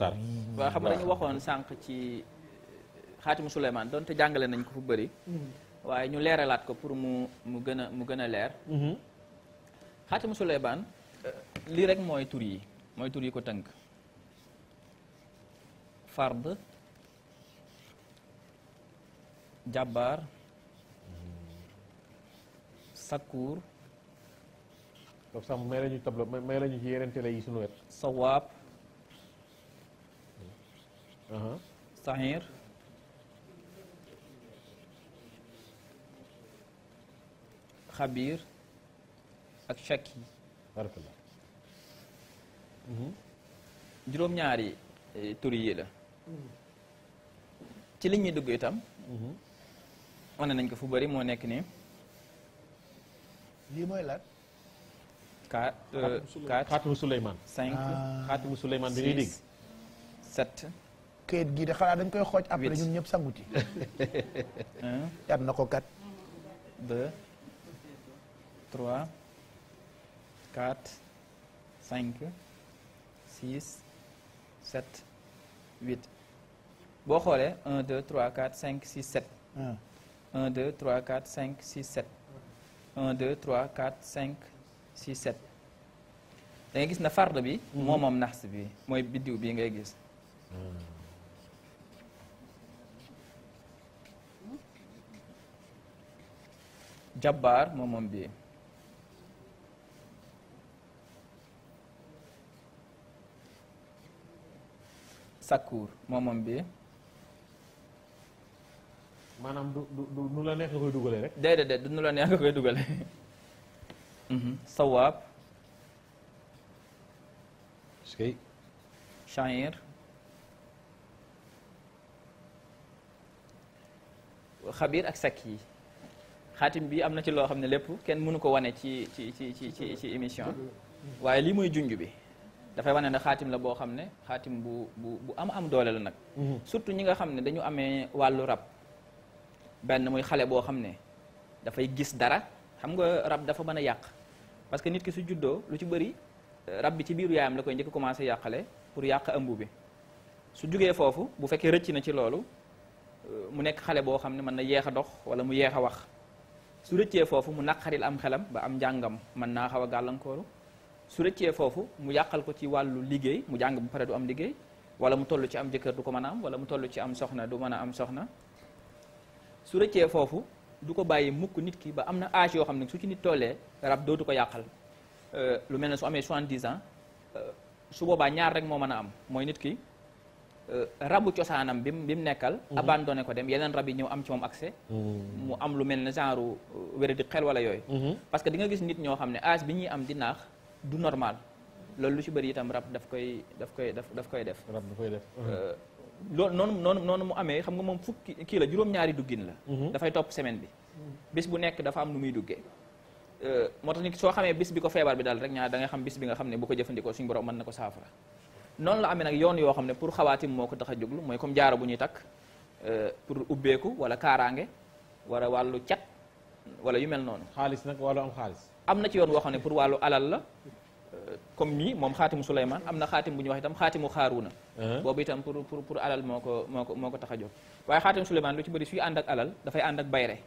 Mokhtar. waaw xam nga dañu waxoon sànq ci eh, xaatimu Souleymane donte jàngale nañ ko fu bëri. Mm-hmm. waaye ñu leeralaat ko pour mu mu gën a mu gën a leer. Mm-hmm. xaatimu Souleymane eh, lii rek mooy tur yi mooy tur yi ko tënk. fard jabbaar sakkuur. may lañu tableau may lañu yeneen télé yi sunu wet. sawaab. saxiir xabiir ak shaki barakallah mhm. juróom-ñaari eh, tur yi la ci li ñuy dugg itam mhm. wane nañ ko fu bari moo nekk ni lii mooy lan quatre eh, quatre xaatimu Souleymane cinq ah. xaatimu Souleymane bi ngay këyit gii de xanaa dañ koy xooj après ñun ñëpp sangu ci na ko kat deux trois quatre cinq six sept huit boo xoolee un deux trois quatre cinq six sept un deux trois quatre cinq six sept un gis na fard bi mm-hmm. moom moom bi mooy biddiw bi ngay gis mm. jabbaar moom moom bii sakkuur moom moom bii maanaam du du nu la neex nga koy dugalee rek déedéet du nu la neex koy dugalee mhm. sawaab skay xabiir ak sakki xaatim bi am na ci loo xam ne lépp kenn mënu ko wane ci ci ci ci ci ci émission waaye lii mooy junj bi dafay wane ne xaatim la boo xam ne xaatim bu bu bu am am doole la nag mhm. surtout ñi nga xam ne dañu amee wàllu rab benn muy xale boo xam ne dafay gis dara xam nga rab dafa mën a yàq parce que nit ki su juddoo lu ci bëri euh, rab bi ci biiru yaayam la koy njëkk commencé yàqale pour yàq ëmb bi su jógee foofu bu fekkee rëcc na ci loolu euh, mu nekk xale boo xam ne mën na yeex a dox wala mu yeex a wax su rëccee foofu mu naqaril am xelam ba am njàngam mën naa xaw a gàllankooru su rëccee foofu mu yàqal ko ci wàllu liggéey mu jàng bu pare du am liggéey wala mu toll ci am jëkkër du ko mën a am wala mu tollu ci am soxna du mën a am soxna su rëccee foofu du ko bàyyi mukk nit ki ba am na age yoo xam ne su ci nit tollee rab du ko yàqal euh, lu mel ne su amee soixante-dix ans euh, su boobaa ñaar rek moo mën a am mooy nit ki Euh, rabu cosaanam bi bi mu nekkal mhm. abandonné ko dem yeneen rab yi ñëw am ci moom accès mhm. mu am lu mel ne genre euh, wéradi xel wala yooyu mhm. parce que di nga gis nit ñoo xam ne âge bi ñuy am di naax du normal loolu lu ci bëri itam rab daf koy daf koy daf daf koy def rab daf koy def euh, loolu noonu mu amee xam nga moom fukki kii la juróom-ñaari duggin la dafay topp semaine bi bis bu nekk dafa am nu muy duggee moo tax nit soo xamee bis bi ko feebar bi daal rek ñaar da nga xam bis bi nga xam ne bu noonu la amee nag yoon yoo xam ne pour xawaatim moo ko tax a jóglu mooy comme jaaro bu ñuy takk euh, pour ubbeeku wala kaaraange wala wàllu cat wala yu mel noonu. xaalis nag wàllu am xaalis. am na ci yoon woo xam ne pour wàllu alal la euh, comme nii moom xaatimu Souleymane am na xaatim bu ñuy wax itam xaatimu Xaaruuna. Uh-huh. boobu itam pour pour pour alal moo ko moo ko moo ko tax a jóg. waaye xaatimu Souleymane lu ci bëri suy ànd ak alal dafay àndak bayre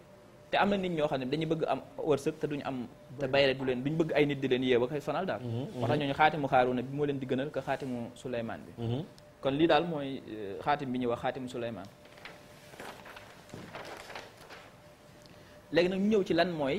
te am na nit ñoo xam ne dañu bëgg am wërsëg te duñu am te bayre du leen duñu bëgg ay nit di leen yeewa kay fanal daal mm-hmm, moo tax ñooñu xaatimu xaaruuna bi moo leen di gënal que xaatimu Suleymaan bi mm-hmm. kon lii daal mooy euh, xaatim bi ñuy wax xaatimu Suleymaan léegi nag ñu ñëw ci lan mooy